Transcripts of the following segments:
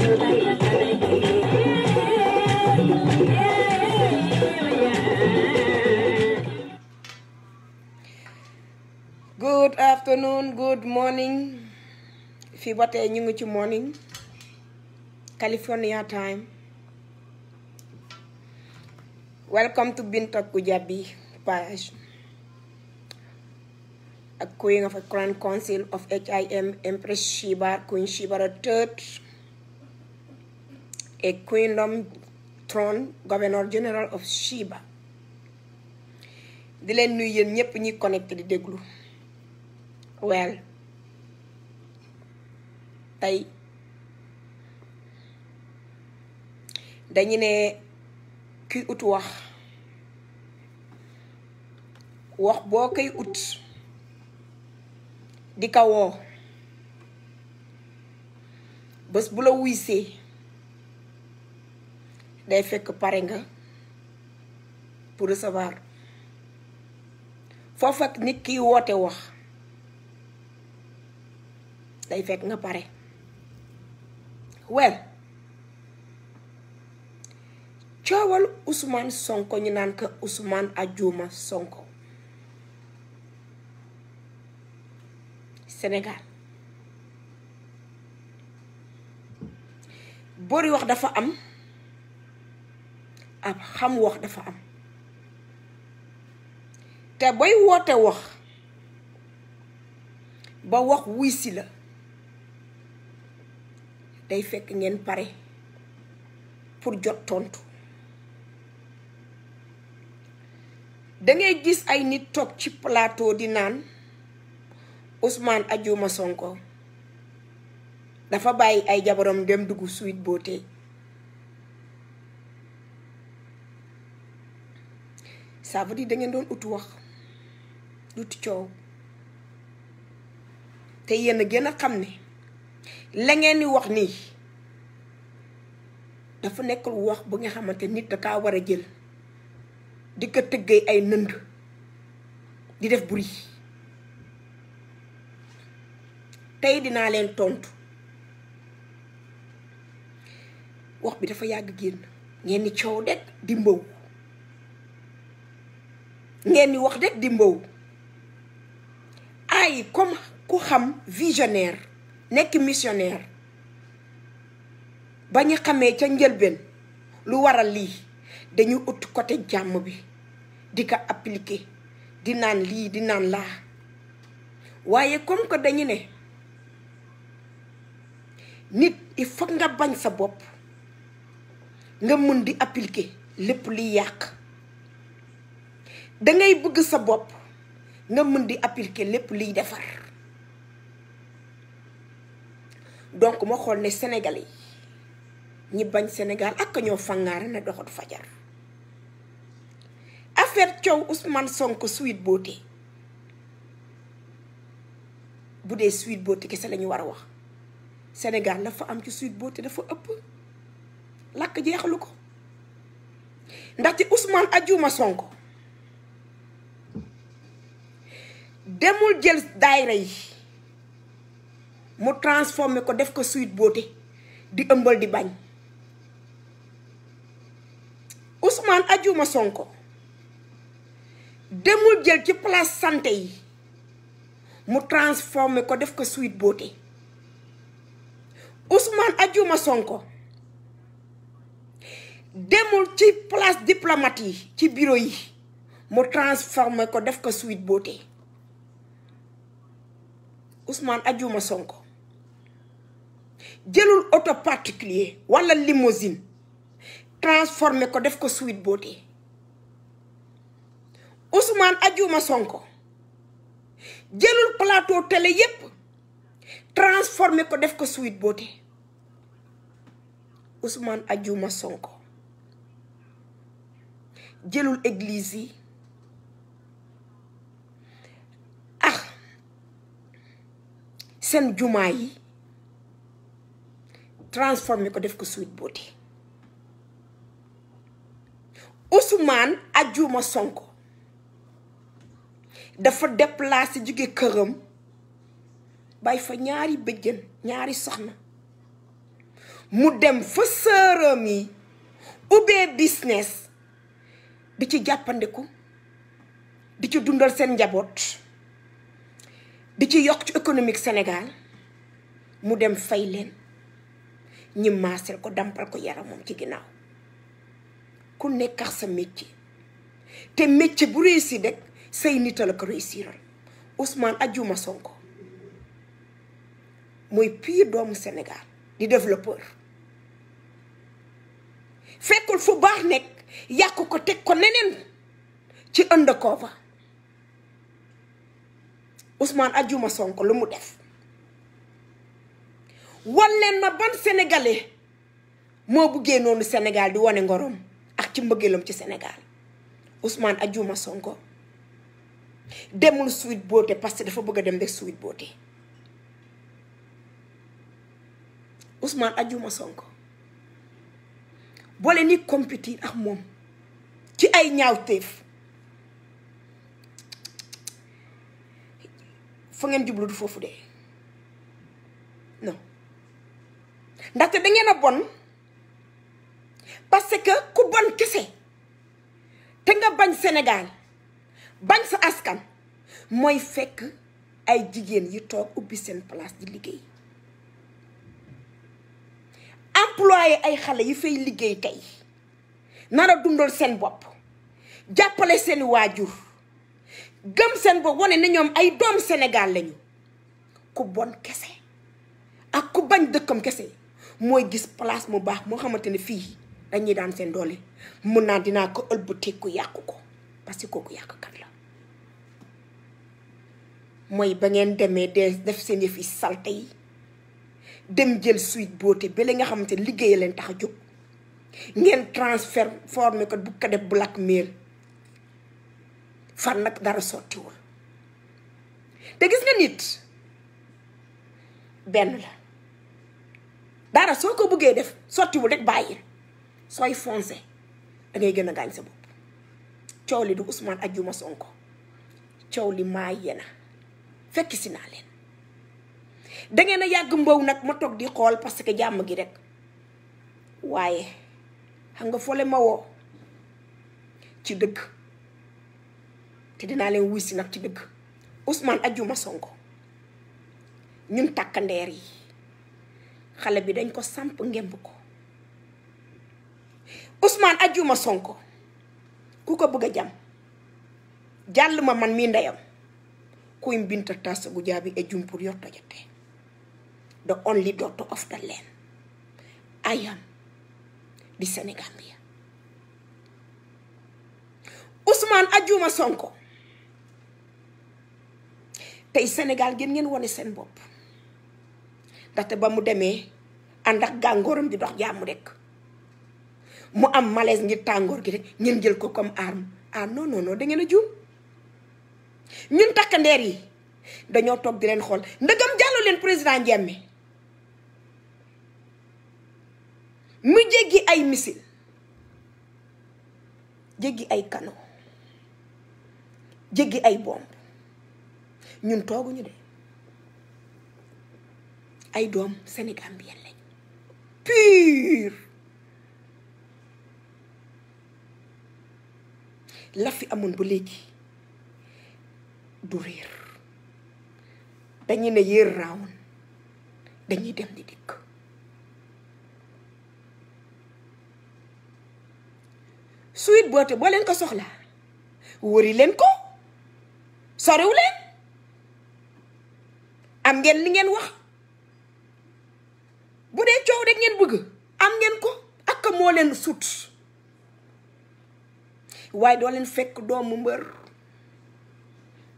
good afternoon good morning fii ba tey ñu ngi ci morning California time welcome to Bintakujabi Kujabi page a queen of a crown council of HIM Empress Shiba Queen Shibara III a kingdom throne governor general of Sheba di leen nuy yéen ñëpp ñi connecté di déglu wel tey dañu ne ki ut wax wax boo koy ut di ka woo bés bu la wuysee day fekk pare nga pour recevoir foofu ak nit kiy woote wax day fekk nga pare wel coowal usmaan Sonko ñu naan ko Ousmane Ajuma Sonko Sénégal boori wax dafa am ab xam wax dafa am te bay woote wax ba wax wuy si la day fekk ngeen pare pour jot tontu dangay gis ay nit toog ci plateau di naan Ousmane Ajuma Sonko dafa bàyyi ay jabaram dem dugg Sweet Beauté ça di dire da ngeen doon ut wax ut coow te yéen a gën xam ne la ngeen di wax nii dafa nekkul wax bu nga xamante nit da kaa war a jël di ko tëggee ay nënd di def bruit tey dinaa leen tontu wax bi dafa yàgg génn ngeen ni coow de di ngeen di wax rek di mbow ay comme ku xam visionnaire nekk missionnaire ba ñu xamee ca njëlbeen lu waral lii dañu ut côté jàmm bi di ko appliquer di naan lii di naan laa waaye comme que dañu ne nit i faut nga bañ sa bopp nga mën di appliquer lépp liy yàq da ngay bëgg sa bopp nga mën di appliquer lépp liy defar donc ma xool ne sénégalais yi ñi bañ sénégal ak ñoo fangaare na doxat fajar affaire ciow Ousmane Sonko Sweet Beauté bu dee Sweet Beauté kese la ñu war a wax sénégal fa am ci Sweet Beauté dafa ëpp jeexalu ko ci Ousmane ajuma Sonko demul jël daayira yi mu transformé ko def ko Sweet Beauté di ëmbal di bañ Ousmane Ajuma Sonko demul jël ci place santé yi mu transformé ko def ko Sweet Beauté Ousmane Ajuma Sonko demul ci place diplomate yi ci bureau yi mu transformé ko def ko Sweet Beauté Ousmane ajuma Sonko jëlul auto particulier wala limousine transformé ko def ko Sweet Beauté Ousmane ajuma Sonko jëlul plateau télé yépp transformé ko def ko Sweet Beauté Ousmane ajuma Sonko jëlul église seen jumaa yi transformé ko def ko Sweet Beauté Ousmane Ajuma Sonko dafa déplacé jóge këram bàyyi fa ñaari bëjjën ñaari soxna mu dem fa sëram yi ubbee business di ci jàppandiku di ci dundal seen njaboot di ci yokk ci économique Sénégal mu dem fay leen ñi ko dampal ko yaramam ci ginnaaw ku nekk ak sa métier te métier bu réussir rek say nita la ko réussiral Ousmane Ajuma Sonko mooy pire doomu Sénégal di développeur fekkul fu baax nekk yàq ko teg ko neneen ci ënd koo Ousmane Ajuma Sonko lu mu def wan leen ma ban moo buggee noonu Sénégal di wane ngorom ak ci mbëggeelam ci Sénégal Ousmane Ajuma Sonko demul Sweet Beauté parce que dafa bëgg a dem def Sweet Beauté Ousmane Ajuma Sonko boole ni compétir ak moom ci ay ñaawteef fa ngeen jublu du foofu de non ndaxte da a bon parce que ku bon kese te nga bañ senegaal bañ sa askan mooy fekk ay jigéen yi toog ubbi seen place di liggéey employé ay xale yi fay liggéey tey nar a seen bopp jàppale seeni waajur gëm seen bopp wane ne ñoom ay doom Sénégal lañu ku bon kese ak ku bañ dëkkam kese mooy gis place mu baax moo xamante ne fii dañuy daan seen doole mun naa dinaa ko ku yàqu ko parce que kooku yàqkat la mooy ba ngeen demee de def seen yëf yi salte yi dem jël suite boote ba li nga xamante ne liggéey leen tax a jóg ngeen transformé ko bu ko def blackmail fan nag dara sottiwul te gis nga nit benn la dara soo ko bëggee def sottiwul rek bàyyi sooy foncé da gën a gaañ sa bopp coow li du Ousmane ak ma Sonko coow li maa yena fekk si naa leen dangeen a yàgg mbow nag ma toog di xool parce que jàmm gi rek waaye xam nga fole mawoo ci dëgg te dina yang wuy nak nag ci dëgg Ousmane Ajuma Sonko ñun takkandeer yi xale bi dañ ko samp ngemb ko Ousmane ku ko bëgg jam jalluma ma man mii ndeyam kuy mbinta tass gu jaabi e pour jotté the only daughter of the land I am di senegambia Ousmane adjuma Sonko tey Sénégal ngeen ngeen wone seen bopp ndaxte ba mu demee ànd ak gàngooram di dox jàmm rek mu am males ngir tàngoor gi rek ngeen jël ko comme arme ah non non ngeen a juum ñun takkandeer yi dañoo toog di leen xool ndëgam jàllu leen président Ndiémé mu jéggi ay missile jéggi ay canon jéggi ay bombe ñun ñu de ay doom sénégambien lañ pur la fi amone bu léegi du rir dañu ne yeer rawon dañuy dem di dik Sweet boote bo len ko soxla wori len ko sorew len am ngeen li ngeen wax bu dee coow rek ngeen bëgg am ngeen ko ak moo leen sut waaye doo leen fekk doomu mbër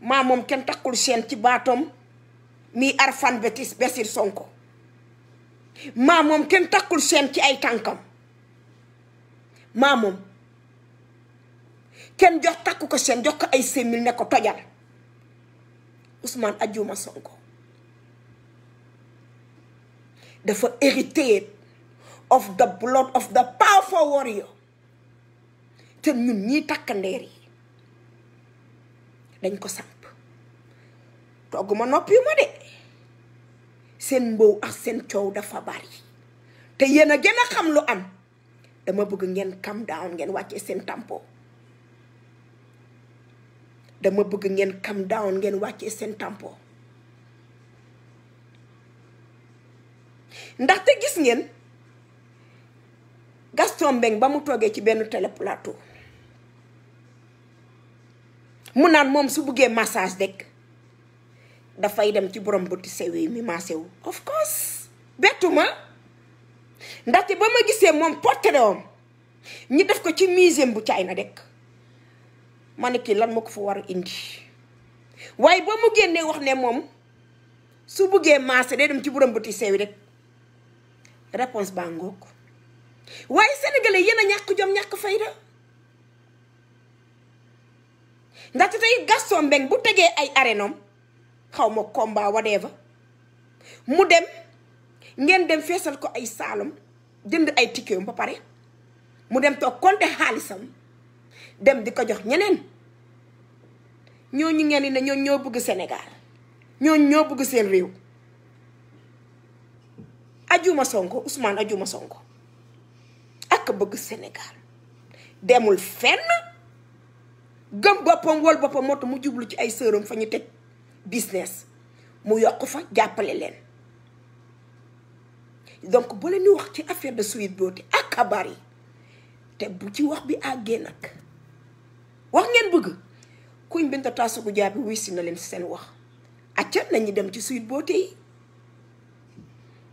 maa moom kenn takkul seen ci baatam mi Arfan Betis besir Sonko maa moom kenn takkul seen ci ay tànkam maa moom kenn jox takku ko seen jox ko ay sémil ne ko tojal Ousmane Ajuma Sonko dafa hérité of the blood of the powerful warrior te ñun ñii takkandeer yi dañ ko samp togg ma noppi ma de seen mbow ak seen coow dafa bari te yéen a gën a xam lu am dama bëgg ngeen calm down ngeen wàccee seen tempo dama bëgg ngeen calm down ngeen wàccee seen tempo ndaxte gis ngeen Gaston Mbengue ba mu toogee ci benn télé plateau mu naan moom su buggee massage rek dafay dem ci borom bëti sew yi mi wu. of course bettuma ndaxte ba ma gisee moom portrait am ñi def ko ci muséum bu caay na rek ma ne lan ma ko fa war a indi waaye ba mu génnee wax ne moom su buggee maase day dem ci borom bëti sew yi rek. réponse baa ngoog waaye sénégalais yéen a ñàkk jom ñàkk fayda ndaxte tey Gaston Mbengue bu tegee ay arénom xaw ma combat whatever mu dem ngeen dem feesal ko ay saalum jënd ay ticket ba pare mu dem toog konte xaalisam dem di ko jox ñeneen ñooñu ngeen ne ñooñu ñoo bëgg Sénégal ñooñu ñoo bëgg seen réew Ajuma Sonko Ousmane Ajuma Sonko ak bëgg senegal demul fenn gëm boppam wol boppam moo tax mu jublu ci ay sëram fa ñu teg business mu yokk fa jàppale leen donc bu leen di wax ci affaire de Sweet Beauty ak xabaar yi te bu ci wax bi àggee nag wax ngeen bëgg ku Binta Taasu Gujaa bi si na leen ci seen wax acca nañu dem ci Sweet Beauty yi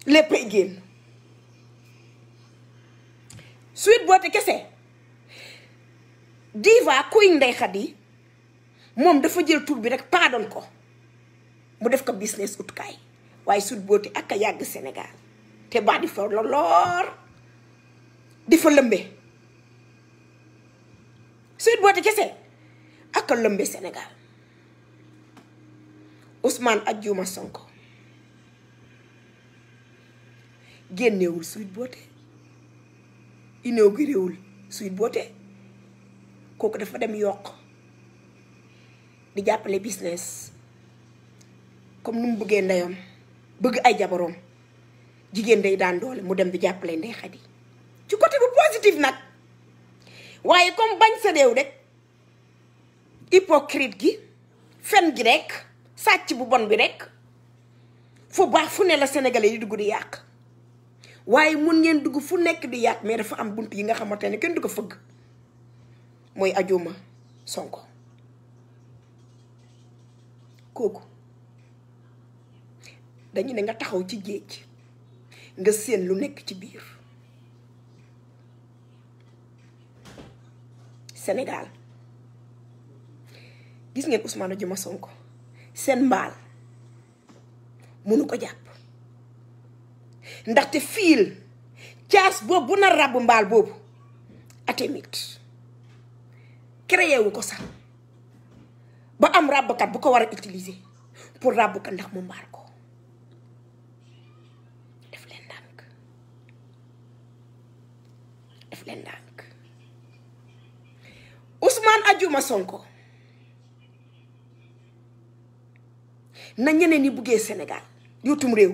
léppay génn Sweet Beauty kese diva kuy Ndeye Khady moom dafa jël tur bi rek pardon ko mu def ko business utkaay waaye Sweet Beauty ak a yàgg Sénégal te baa di fa loloor di fa lëmbe Sweet Beauty kese ak a lëmbe Sénégal Ousmane Adjuma Sonko génnewul Sweet Beauté inauguré wul Sweet Beauté kooku dafa dem yokk di jàppale business comme nu mu bëggee ndeyam bëgg ay jabaroom jigéen day daan doole mu dem di jàppale ndey Xadi ci côté bu positif nag waaye comme bañ sa réew rek hypocrite gi fen gi rek sàcc bu bon bi rek fu baax fu ne la sénégalais yi dugg di yàq waye mun ngeen dugg fu nek di yak mais dafa am buntu yi nga xamante ne kenn du ko fëgg mooy ajuma sonko koku dañu ne nga taxaw ci geej nga seen lu nek ci biir senegal gis ngeen Ousmane djuma Sonko sen mbal munu ko japp ndaxte fiil caas boobu bu na ràbb mbaal boobu atémite créé ko sax ba am ràbbukat bu ko war a utiliser pour ràbb ko ndax mu mbaal ko def leen ndànk def leen ndànk Ousmane Ajuma Sonko na ñeneen ñi buggee Sénégal yuutum réew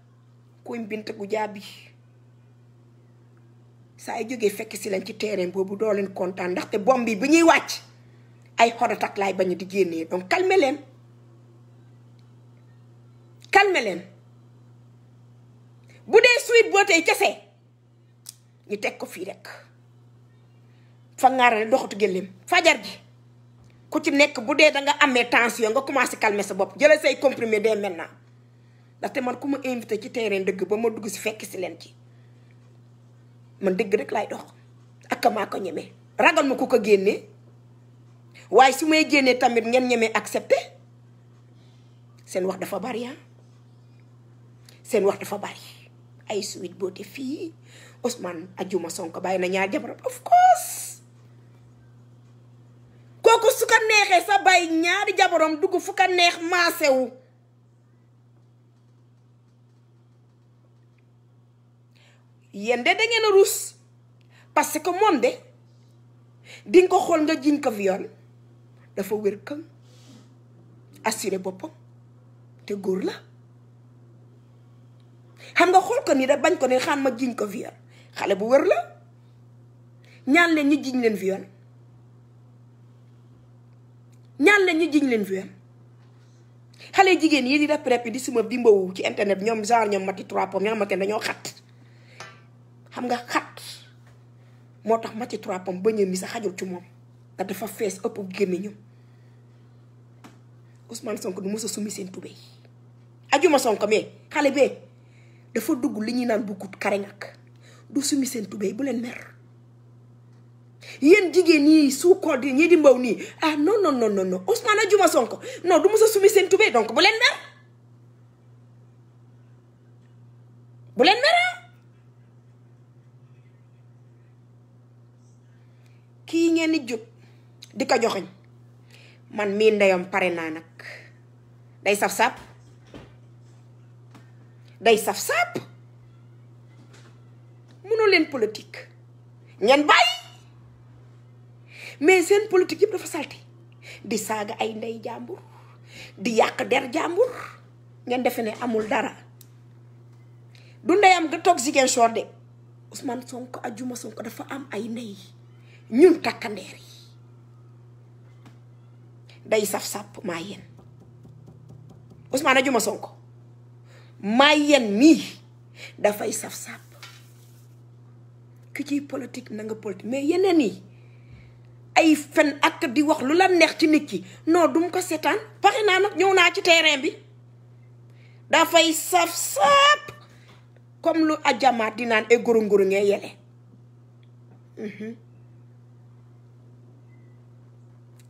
koñ bint gu bi saa ay jógee fekk si lañ ci terrain boobu doo leen kontaan ndaxte bomb bi bu ñuy wàcc ay xodatak laay bañ di génnee donc calme leen calme leen bu dee suite boo tey ñu teg ko fii rek fa ngaarale doxatu gëléem fajar gi ku ci nekk bu dee da nga amee tension nga commencé calmer sa bopp jëlal say comprimé dès naa ndaxte man ku ma invité ci terrain dëgg ba ma dugg si fekk si leen ci man dëgg rek lay dox ak maa ko ñemee ragal ma ku ko génnee waaye su may génnee tamit ngeen ñemee accepté seen wax dafa bari ah seen wax dafa bari ay suite beauté fii Ousmane Ajuma Sonko bàyyi na ñaar jabar of course kooku suka ko neexee sa bàyyi ñaari jabaram dugg fu ko neex maasewu yéen de da a ruus parce que moom de di ko xool nga jiñ ko viol dafa wér kën assuré boppam te góor la xam nga xool ko ni da bañ ko ne xaan ma jiñ ko viol xale bu wér la ñaan leen ñu jiñ leen viol ñaan leen ñu jiñ leen viol xale jigéen yi di def prep di suma bimbawu ci internet ñoom genre ñoom mati trois pom ñoo xamante ne dañoo xat xam nga xat moo tax ma ci trois pommes bëñëm mi sa xajul ci moom ndax dafa fees ëpp gémmiñam Ousmane Sonko du mos a sumi Sonko mais xale bee dafa dugg li ñuy naan bukut kare du sumi seen tubéy bu leen mer yéen jigéen ñi suukoo di ñii di mbaw nii ah non non non non non Ousmane ajuma Sonko non du mos a sumi seen tubéy donc bu leen mer bu leen mer ngeen di jub di ko man mi ndeyam pare na nak day saf sap day saf sap mënu leen politique ñen mesin mais seen politique yëpp dafa salté di saga ay ndey jambour di yak der jambour ngeen amul dara du ndeyam ga toog Ziguinchor de Ousmane Sonko ajuma Sonko dafa am ay ndey ñun takandeer yi day saf sap mayen Ousmane mi, Sonko sap, mi politik fay saf sap ki ci politique na nga politique mais yenen yi ay fen ak di wax lula neex ci nit ki non dum ko setan pare na nak ñew na ci terrain bi fay saf sap comme lu di yele yele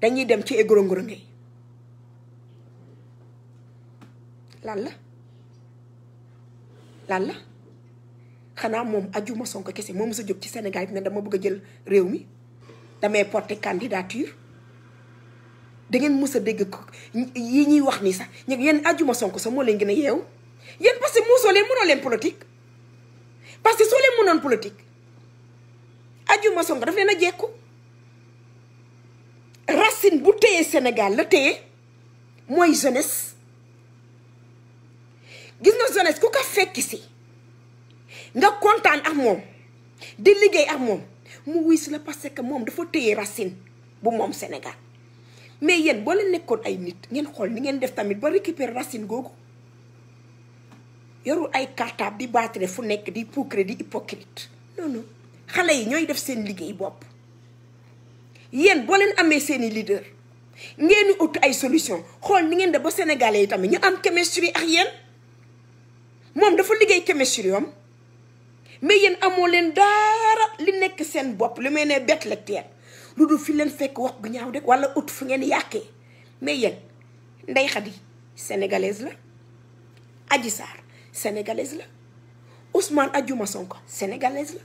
dañuy dem ci égoro ngoro ngay lan la lan la mom aju ma sonko kessé mom sa jóg ci sénégal né dama bëgg jël réew mi damé porter candidature da ngeen mësa dégg ko yi ñi wax ni sax yeen aju ma sonko sa mo leen gëna yew yeen parce que leen leen politique parce que so leen mënon politique ma sonko daf leen racine bu téye Sénégal la téye mooy jeunesse gis nga jeunesse ku ko fekki si nga kontaan am moom di liggéey ak moom mu wuy si la parce que moom dafa téye racine bu moom Sénégal mais yéen boo nekkoon ay nit ngeen xool ni ngeen def tamit ba récupérer racine googu yorul ay cartable di baatre fu nekk di puukare di hypocrite non xale yi ñooy def seen liggéey bopp. yéen boo leen amee seen i leader ngeen di ut ay solution xool ni ngeen de ba sénégalais yi tamit ñu am chemistry ak yéen moom dafa liggéey chemistry am mais yéen amoo leen dara li nekk seen bopp li may ne bête lecteur lu dul fi leen fekk wax gu ñaaw rek wala ut fu ngeen yàqee mais yéen Ndeye Khady sénégalaise la aji Sarr sénégalaise la Ousmane Ajuma Sonko sénégalaise la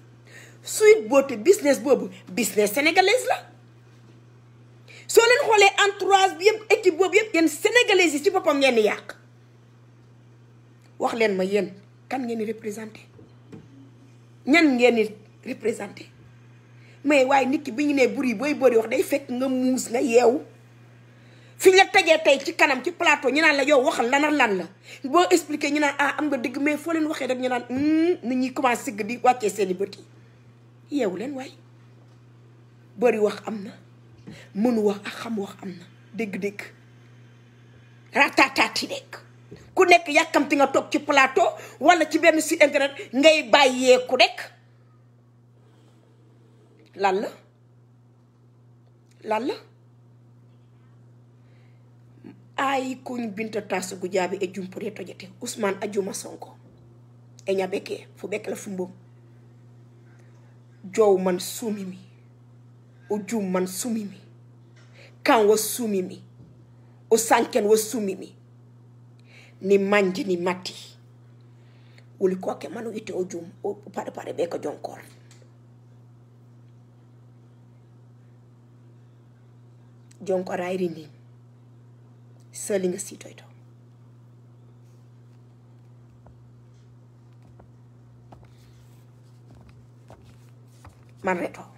Sweet Beauté business boobu business sénégalaise la soo leen xoolee entourage bi yëpp équipe boobu yëpp gen sénégalais yi ci boppam ngeen yàq wax leen ma yéen kan ngeen di représenté ñan ngeen di représenté mais waaye nit ki bi ñu nee buri booy bëri wax day fekk nga muus nga yeewu fi nga tegee tey ci kanam ci plateau ñu naan la yow waxal lan lan la boo expliqué ñu naan ah am nga dëgg mais foo leen waxee rek ñu naan hmm, nit ñi commencé sigg di wàccee seeni i bët yi yeewu leen waay bëri wax am na. mënu ak xam wax am na dégg-dégg ratataati nekk ku nekk yàkkamti nga toog ci plateau wala ci benn si internet ngay bàyyeeku rek lan la lan la ay kuñ binta tas gu jaabi e jumpure tojete Ousmane ajuma Sonko e ña bekkee fu bekk la fu joow man suumi mi man sumimi kan wo sumimi o sanken wo sumimi ni manje ni mati ulikoke manu ite ujum pare pare beko jonkor jonkor ayri ni seli nga sitoyto man reto